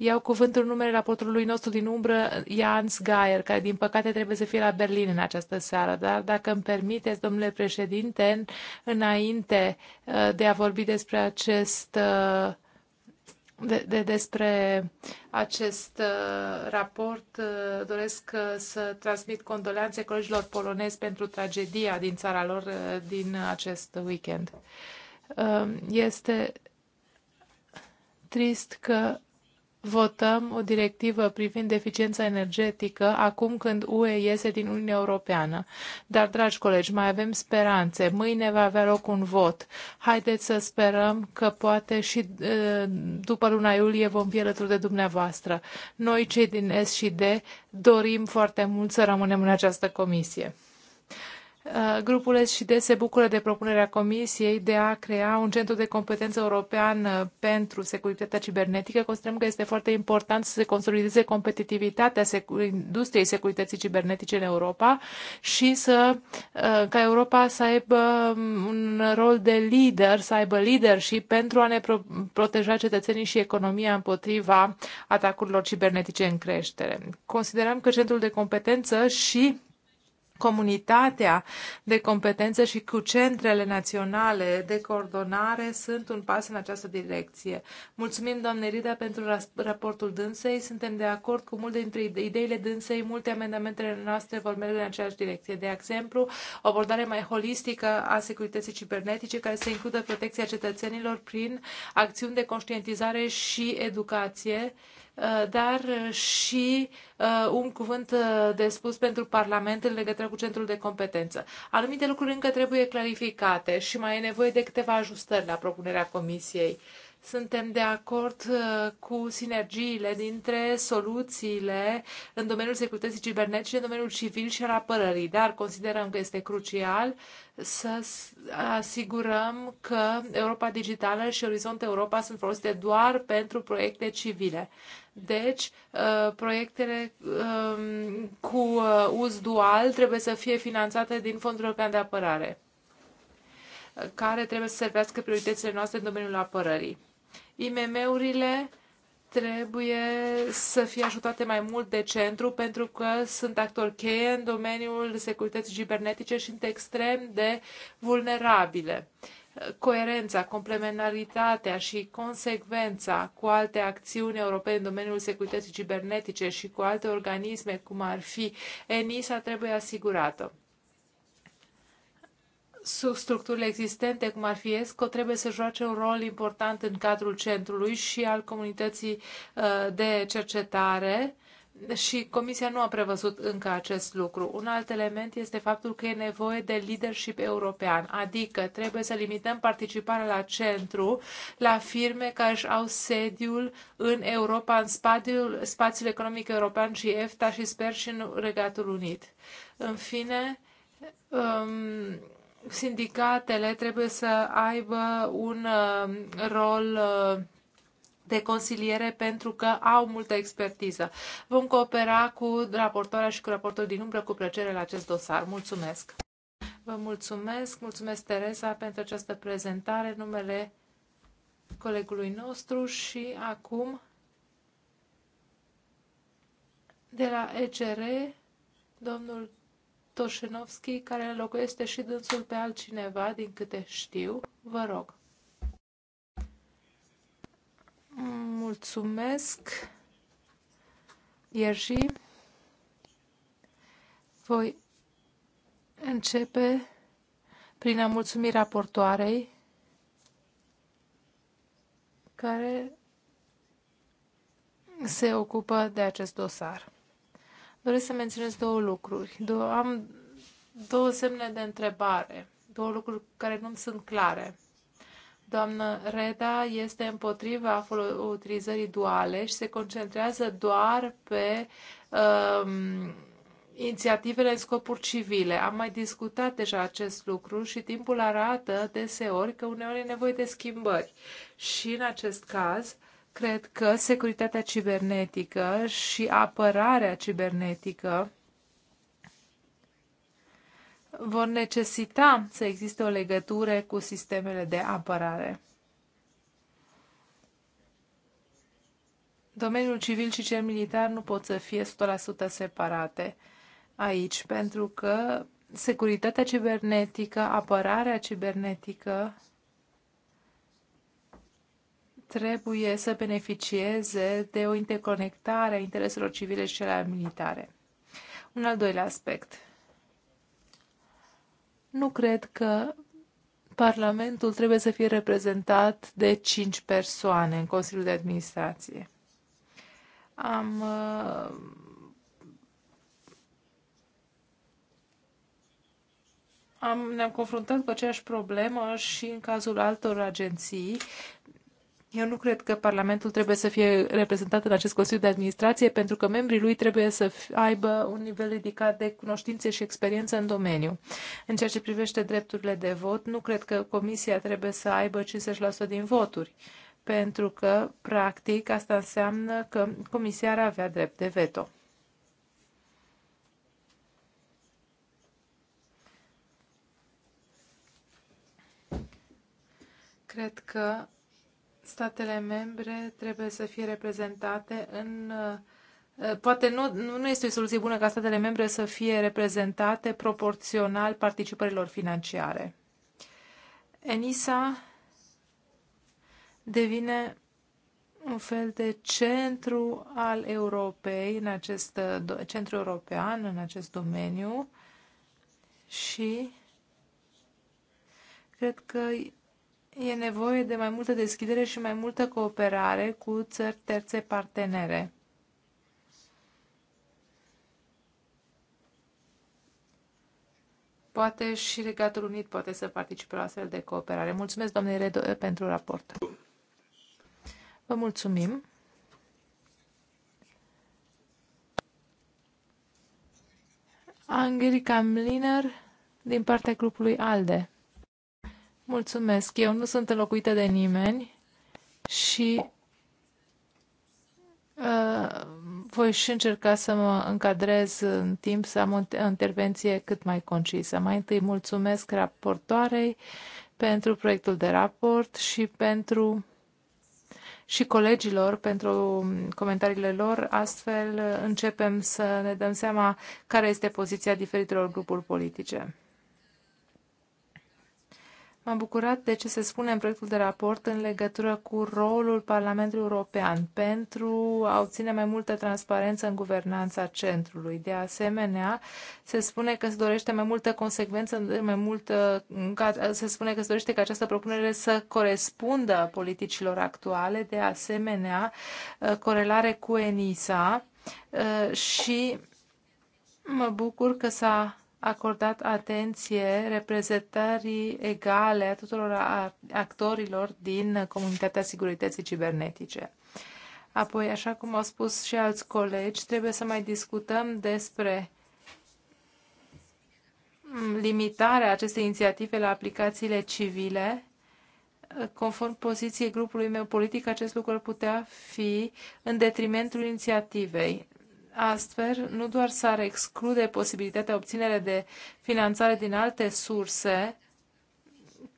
Iau cuvântul numele raportului nostru din umbră, Jans Geier, care din păcate trebuie să fie la Berlin în această seară. Dar dacă îmi permiteți, domnule președinte, înainte uh, de a vorbi despre acest uh, de, de, despre acest uh, raport uh, doresc uh, să transmit condoleanțe colegilor polonezi pentru tragedia din țara lor uh, din acest weekend. Uh, este trist că votăm o directivă privind eficiența energetică acum când UE iese din Uniunea Europeană. Dar, dragi colegi, mai avem speranțe. Mâine va avea loc un vot. Haideți să sperăm că poate și e, după luna iulie vom fi alături de dumneavoastră. Noi, cei din S și D, dorim foarte mult să rămânem în această comisie. Eh, grupul SCD se bucură de propunerea Comisiei de a crea un centru de competență european eh, pentru securitatea cibernetică. Considerăm că este foarte important să se consolideze competitivitatea industriei securității cibernetice în Europa și să, eh, ca Europa să aibă mm, un rol de lider, să aibă leadership pentru a ne pro- proteja cetățenii și economia împotriva atacurilor cibernetice în creștere. Considerăm că centrul de competență și comunitatea de competență și cu centrele naționale de coordonare sunt un pas în această direcție. Mulțumim, doamne Rida, pentru raportul dânsei. Suntem de acord cu multe dintre ideile dânsei. Multe amendamentele noastre vor merge în aceeași direcție. De exemplu, o abordare mai holistică a securității cibernetice care să includă protecția cetățenilor prin acțiuni de conștientizare și educație Eh, dar eh, și eh, un cuvânt de spus pentru Parlament în legătură cu centrul de competență. Anumite lucruri încă trebuie clarificate și mai e nevoie de câteva ajustări la propunerea Comisiei. Suntem de acord cu sinergiile dintre soluțiile în domeniul securității cibernetice, în domeniul civil și al apărării, dar considerăm că este crucial să asigurăm că Europa Digitală și Orizont Europa sunt folosite doar pentru proiecte civile. Deci, uh, proiectele um, cu uh, uz dual trebuie să fie finanțate din Fondul European de Apărare, care trebuie să servească prioritățile noastre în domeniul apărării. IMM-urile trebuie să fie ajutate mai mult de centru pentru că sunt actori cheie în domeniul securității cibernetice și sunt extrem de vulnerabile. Uh, coerența, complementaritatea și consecvența cu alte acțiuni europene în domeniul l cibernetice și cu alte organisme, cum ar fi ENISA, trebuie asigurată structurile existente, cum ar fi ESCO, trebuie să joace un rol important în cadrul centrului și al comunității uh, de cercetare și Comisia nu a prevăzut încă acest lucru. Un alt element este faptul că e nevoie de leadership european, adică trebuie să limităm participarea la centru, la firme care își au sediul în Europa, în spațiul, spațiul economic european și EFTA și sper și în Regatul Unit. În fine, um, sindicatele trebuie să aibă un uh, rol uh, de consiliere pentru că au multă expertiză. Vom coopera cu raportoarea și cu raportorul din umbră cu plăcere la acest dosar. Mulțumesc! Vă mulțumesc, mulțumesc Teresa pentru această prezentare, numele colegului nostru și acum de la ECR, domnul Toșenovski, care locuiește și dânsul pe altcineva, din câte știu, vă rog. Mulțumesc. Ierși. Voi începe prin a mulțumi raportoarei care se ocupă de acest dosar. Doresc să menționez două lucruri. Do am două semne de întrebare, două lucruri care nu sunt clare. Doamna Reda este împotriva utilizării duale și se concentrează doar pe um, inițiativele în scopuri civile. Am mai discutat deja acest lucru și timpul arată deseori că uneori e nevoie de schimbări. Și în acest caz, cred că securitatea cibernetică și apărarea cibernetică vor necesita să existe o legătură cu sistemele de apărare. Domeniul civil și cel militar nu pot să fie 100% separate aici, pentru că securitatea cibernetică, apărarea cibernetică trebuie să beneficieze de o interconectare a intereselor civile și cele militare. Un al doilea aspect – Nu cred că Parlamentul trebuie să fie reprezentat de cinci persoane în Consiliul de Administrație. Am uh, am, ne-am confruntat cu aceeași problemă și în cazul altor agenții Eu nu cred că Parlamentul trebuie să fie reprezentat în acest Consiliu de Administrație pentru că membrii lui trebuie să aibă un nivel ridicat de cunoștințe și experiență în domeniu. În ceea ce privește drepturile de vot, nu cred că Comisia trebuie să aibă 50% din voturi, pentru că, practic, asta înseamnă că Comisia ar avea drept de veto. Cred că statele membre trebuie să fie reprezentate în uh, Poate nu, nu este o soluție bună ca statele membre să fie reprezentate proporțional participărilor financiare. ENISA devine un fel de centru al Europei, în acest centru european, în acest domeniu și cred că e nevoie de mai multă deschidere și mai multă cooperare cu țări terțe partenere. Poate și Regatul Unit poate să participe la astfel de cooperare. Mulțumesc, doamnei Redo, pentru raport. Vă mulțumim. Angelica Mliner din partea grupului ALDE. Mulțumesc. Eu nu sunt înlocuită de nimeni și uh, voi și încerca să mă încadrez în timp, să am o intervenție cât mai concisă. Mai întâi mulțumesc raportoarei pentru proiectul de raport și pentru și colegilor pentru comentariile lor. Astfel începem să ne dăm seama care este poziția diferitelor grupuri politice. M-am bucurat de ce se spune în proiectul de raport în legătură cu rolul Parlamentului European pentru a obține mai multă transparență în guvernanța centrului. De asemenea, se spune că se dorește mai multă consecvență, mai multă, ca, se spune că se dorește ca această propunere să corespundă politicilor actuale, de asemenea, uh, corelare cu ENISA uh, și mă bucur că s-a acordat atenție reprezentării egale a tuturor actorilor din comunitatea securității cibernetice. Apoi, așa cum au spus și alți colegi, trebuie să mai discutăm despre limitarea acestei inițiative la aplicațiile civile. Conform poziției grupului meu politic, acest lucru ar putea fi în detrimentul inițiativei. Astfel, nu doar s-ar exclude posibilitatea obținere de finanțare din alte surse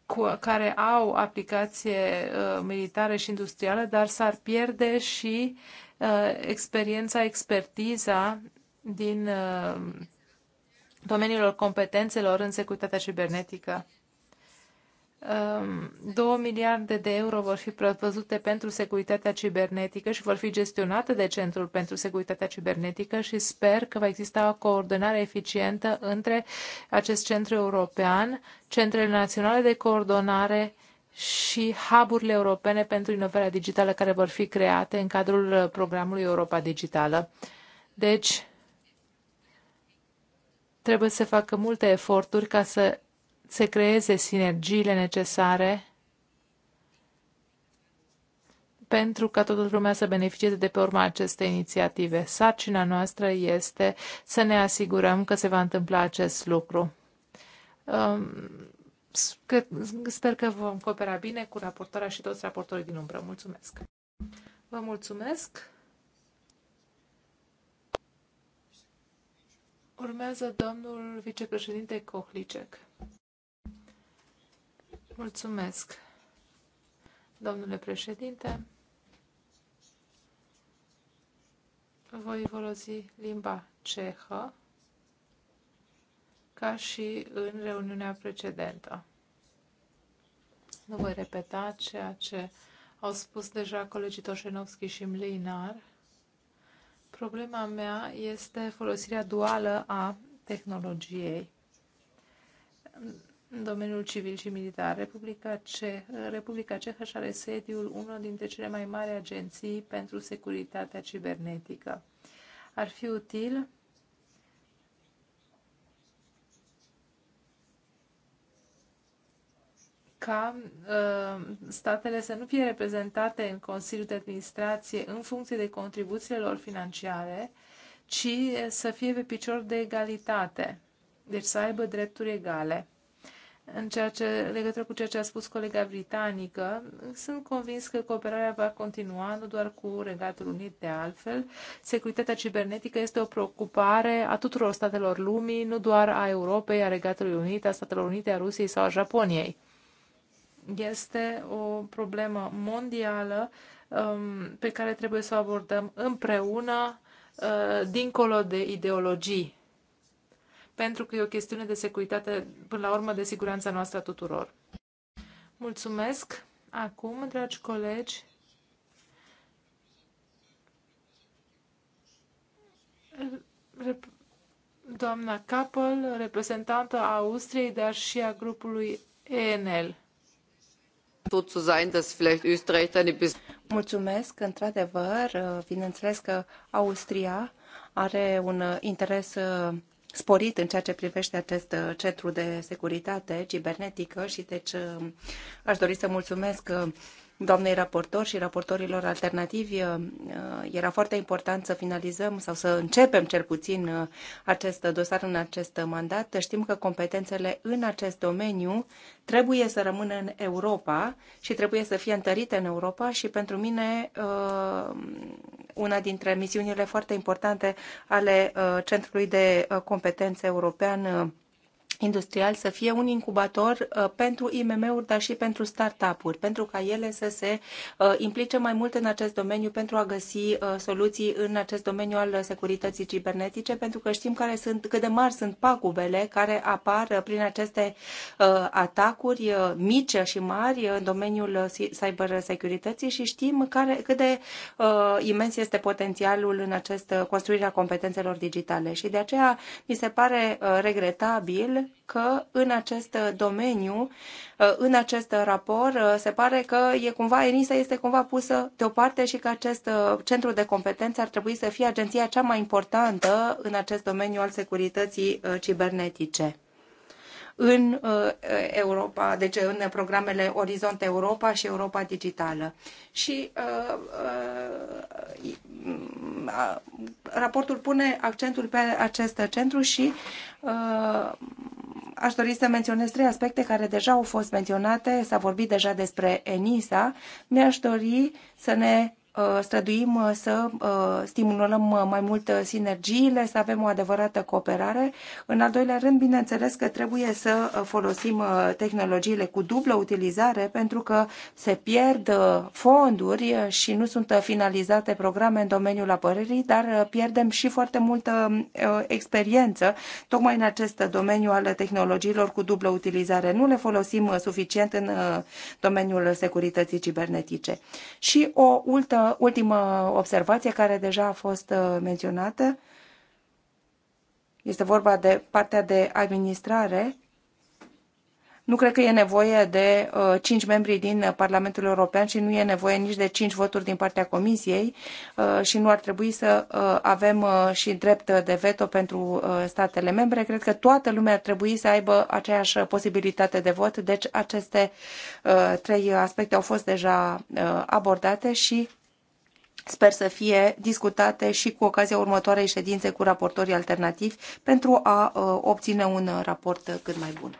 cu, care au aplicație uh, militară și industrială, dar s-ar pierde și uh, experiența, expertiza din uh, domeniilor competențelor în securitatea cibernetică. 2 um, miliarde de euro vor fi prevăzute pentru securitatea cibernetică și vor fi gestionate de Centrul pentru Securitatea Cibernetică și sper că va exista o coordonare eficientă între acest centru european, centrele naționale de coordonare și hub-urile europene pentru inovarea digitală care vor fi create în cadrul programului Europa Digitală. Deci, trebuie să facă multe eforturi ca să să creeze sinergiile necesare pentru ca toată lumea să beneficieze de pe urma acestei inițiative. Sarcina noastră este să ne asigurăm că se va întâmpla acest lucru. Um, sper că vom coopera bine cu raportarea și toți raportorii din umbră. Mulțumesc! Vă mulțumesc! Urmează domnul vicepreședinte Kohlicek. Mulțumesc, domnule președinte. Voi folosi limba cehă ca și în reuniunea precedentă. Nu voi repeta ceea ce au spus deja colegii Toșenovski și Mlinar. Problema mea este folosirea duală a tehnologiei în domeniul civil și militar. Republica, Ce- Republica Cehă și are sediul unul dintre cele mai mari agenții pentru securitatea cibernetică. Ar fi util ca uh, statele să nu fie reprezentate în Consiliul de Administrație în funcție de contribuțiile lor financiare, ci să fie pe picior de egalitate, deci să aibă drepturi egale în ceea ce, legătură cu ceea ce a spus colega britanică, sunt convins că cooperarea va continua, nu doar cu Regatul Unit de altfel. Securitatea cibernetică este o preocupare a tuturor statelor lumii, nu doar a Europei, a Regatului Unit, a Statelor Unite, a Rusiei sau a Japoniei. Este o problemă mondială um, pe care trebuie să o abordăm împreună, uh, dincolo de ideologii pentru că e o chestiune de securitate, până la urmă, de siguranța noastră a tuturor. Mulțumesc! Acum, dragi colegi, doamna Kappel, reprezentantă a Austriei, dar și a grupului ENL. Mulțumesc, într-adevăr, bineînțeles că Austria are un interes sporit în ceea ce privește acest uh, centru de securitate cibernetică și deci uh, aș dori să mulțumesc uh, doamnei raportor și raportorilor alternativi, uh, uh, era foarte important să finalizăm sau să începem cel puțin uh, acest dosar în acest mandat. Știm că competențele în acest domeniu trebuie să rămână în Europa și trebuie să fie întărite în Europa și pentru mine una dintre misiunile foarte importante ale Centrului de Competențe European industrial să fie un incubator uh, pentru IMM-uri, dar și pentru startup-uri, pentru ca ele să se uh, implice mai mult în acest domeniu pentru a găsi uh, soluții în acest domeniu al securității cibernetice, pentru că știm care sunt, cât de mari sunt pagubele care apar prin aceste atacuri mici și mari în domeniul cybersecurității și știm care, cât de imens este potențialul în acest construirea competențelor digitale. Și de aceea mi se pare regretabil că în acest domeniu, uh, în acest raport, uh, se pare că e cumva, ENISA este cumva pusă deoparte și că acest uh, centru de competență ar trebui să fie agenția cea mai importantă în acest domeniu al securității cibernetice în Europa, deci în programele Orizont Europa și Europa Digitală. Și uh, uh, raportul pune accentul pe acest centru și uh, Aș dori să menționez trei aspecte care deja au fost menționate, s-a vorbit deja despre ENISA. Mi-aș dori să ne Uh, străduim uh, să uh, stimulăm mai mult sinergiile, să avem o adevărată cooperare. În al doilea rând, bineînțeles că trebuie să folosim tehnologiile cu dublă utilizare pentru că se pierd fonduri și nu sunt finalizate programe în domeniul apărării, dar pierdem și foarte multă experiență tocmai în acest domeniu al tehnologiilor cu dublă utilizare. Nu le folosim suficient în domeniul securității cibernetice. Și o ultimă ultima, ultimă observație care deja a fost uh, menționată este vorba de partea de administrare. Nu cred că e nevoie de uh, 5 membri din Parlamentul European și nu e nevoie nici de 5 voturi din partea Comisiei uh, și nu ar trebui să uh, avem uh, și drept de veto pentru uh, statele membre. Cred că toată lumea ar trebui să aibă aceeași posibilitate de vot, deci aceste uh, trei aspecte au fost deja uh, abordate și Sper să fie discutate și cu ocazia următoarei ședințe cu raportorii alternativi pentru a uh, obține un uh, raport cât mai bun.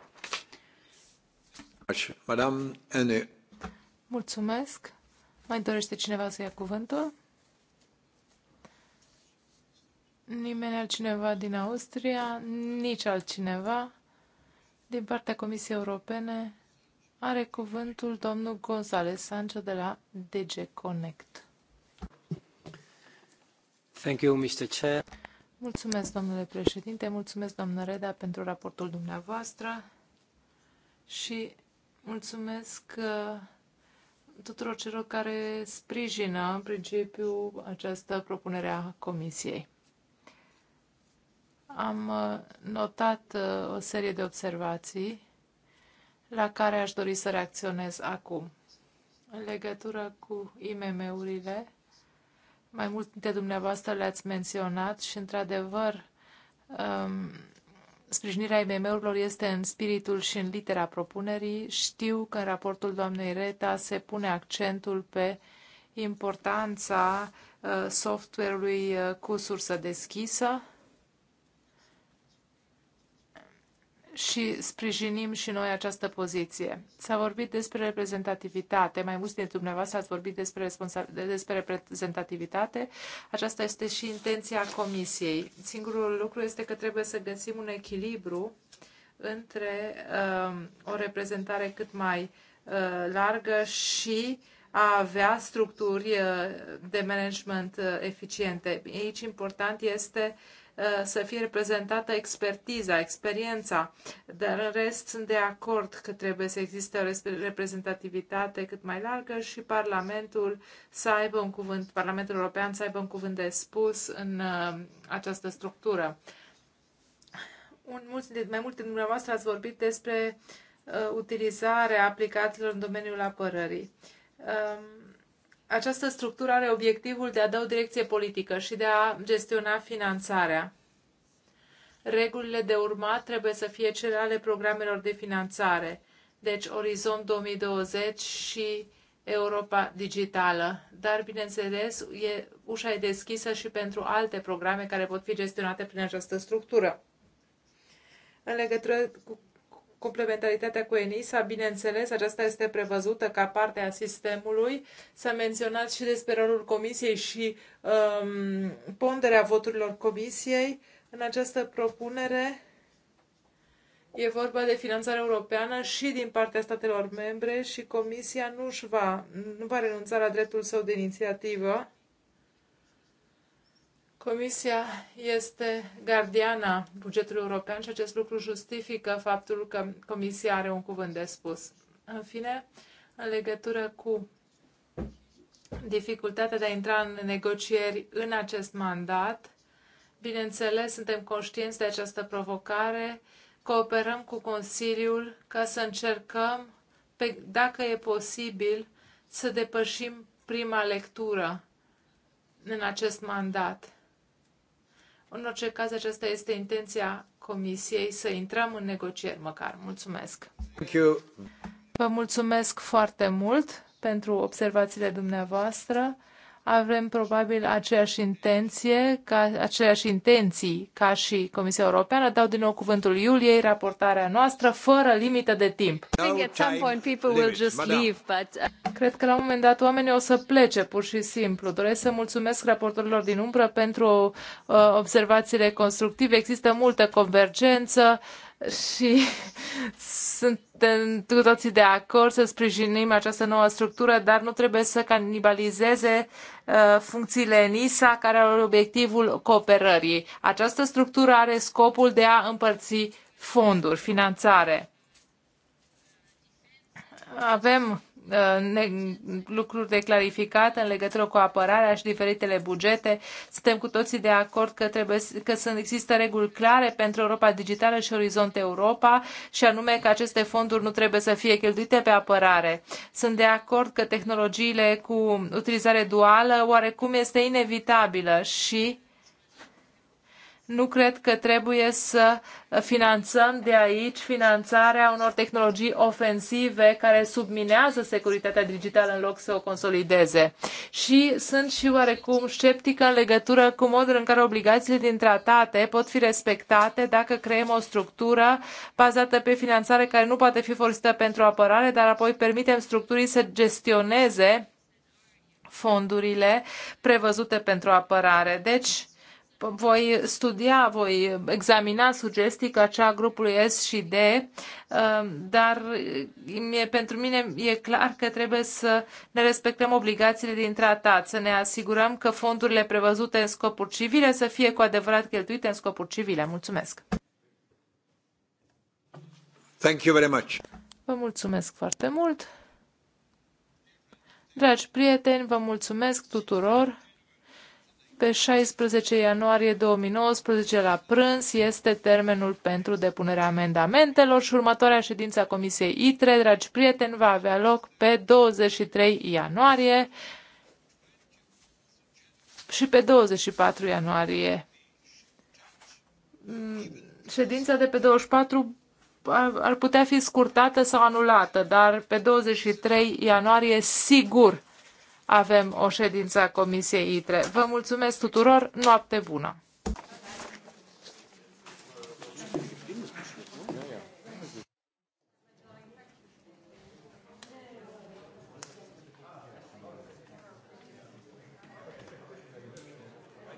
Mulțumesc. Mai dorește cineva să ia cuvântul? Nimeni altcineva din Austria, nici altcineva din partea Comisiei Europene are cuvântul domnul González Sancho de la DG Connect. Thank you, Mr. Chair. Mulțumesc, domnule președinte, mulțumesc, doamnă Reda, pentru raportul dumneavoastră și mulțumesc uh, tuturor celor care sprijină, în principiu, această propunere a Comisiei. Am uh, notat uh, o serie de observații la care aș dori să reacționez acum. În legătură cu IMM-urile, mai mult dintre dumneavoastră le-ați menționat și, într-adevăr, um, sprijinirea IMM-urilor este în spiritul și în litera propunerii. Știu că în raportul doamnei Reta se pune accentul pe importanța uh, software-ului uh, cu sursă deschisă și sprijinim și noi această poziție. S-a vorbit despre reprezentativitate, mai mulți din dumneavoastră ați vorbit despre, despre reprezentativitate. Aceasta este și intenția Comisiei. Singurul lucru este că trebuie să găsim un echilibru între uh, o reprezentare cât mai uh, largă și a avea structuri uh, de management uh, eficiente. Aici important este uh, Eh, să fie reprezentată expertiza, experiența, dar în rest sunt de acord că trebuie să existe o reprezentativitate cât mai largă și Parlamentul să aibă un cuvânt, Parlamentul European să aibă un cuvânt de spus în eh, această structură. Un, mulți, mai multe din dumneavoastră ați vorbit despre uh, utilizarea aplicațiilor în domeniul apărării. Uh, această structură are obiectivul de a da o direcție politică și de a gestiona finanțarea. Regulile de urmat trebuie să fie cele ale programelor de finanțare, deci Orizont 2020 și Europa Digitală. Dar, bineînțeles, e, ușa e deschisă și pentru alte programe care pot fi gestionate prin această structură. În legătură cu complementaritatea cu ENISA, bineînțeles, aceasta este prevăzută ca parte a sistemului. S-a menționat și despre rolul comisiei și um, ponderea voturilor comisiei. În această propunere e vorba de finanțare europeană și din partea statelor membre și comisia nu, -și va, nu va renunța la dreptul său de inițiativă Comisia este gardiana bugetului european și acest lucru justifică faptul că Comisia are un cuvânt de spus. În fine, în legătură cu dificultatea de a intra în negocieri în acest mandat, bineînțeles, suntem conștienți de această provocare, cooperăm cu Consiliul ca să încercăm, pe, dacă e posibil, să depășim prima lectură în acest mandat În orice caz, aceasta este intenția Comisiei să intrăm în negocieri măcar. Mulțumesc! Thank you. Vă mulțumesc foarte mult pentru observațiile dumneavoastră avem probabil aceeași intenție, ca, aceleași intenții ca și Comisia Europeană. Dau din nou cuvântul Iuliei, raportarea noastră, fără limită de timp. Cred că la un moment dat oamenii o să plece, pur și simplu. Doresc să mulțumesc raportorilor din umbră pentru uh, observațiile constructive. Există multă convergență și suntem cu toții de acord să sprijinim această nouă structură, dar nu trebuie să canibalizeze uh, funcțiile NISA care au obiectivul cooperării. Această structură are scopul de a împărți fonduri, finanțare. Avem Uh, lucruri de clarificat în legătură cu apărarea și diferitele bugete. Suntem cu toții de acord că, trebuie, că sunt, există reguli clare pentru Europa Digitală și Orizont Europa și anume că aceste fonduri nu trebuie să fie cheltuite pe apărare. Sunt de acord că tehnologiile cu utilizare duală oarecum este inevitabilă și nu cred că trebuie să finanțăm de aici finanțarea unor tehnologii ofensive care subminează securitatea digitală în loc să o consolideze. Și sunt și oarecum sceptică în legătură cu modul în care obligațiile din tratate pot fi respectate dacă creăm o structură bazată pe finanțare care nu poate fi folosită pentru apărare, dar apoi permitem structurii să gestioneze fondurile prevăzute pentru apărare. Deci, voi studia, voi examina sugestii ca cea grupului S și D, um, dar e, pentru mine e clar că trebuie să ne respectăm obligațiile din tratat, să ne asigurăm că fondurile prevăzute în scopuri civile să fie cu adevărat cheltuite în scopuri civile. Mulțumesc! Thank you very much. Vă mulțumesc foarte mult! Dragi prieteni, vă mulțumesc tuturor! pe 16 ianuarie 2019 la prânz este termenul pentru depunerea amendamentelor și următoarea ședință a Comisiei ITRE, dragi prieteni, va avea loc pe 23 ianuarie și pe 24 ianuarie. Mm, ședința de pe 24 ar putea fi scurtată sau anulată, dar pe 23 ianuarie sigur avem o ședință a Comisiei ITRE. Vă mulțumesc tuturor, noapte bună!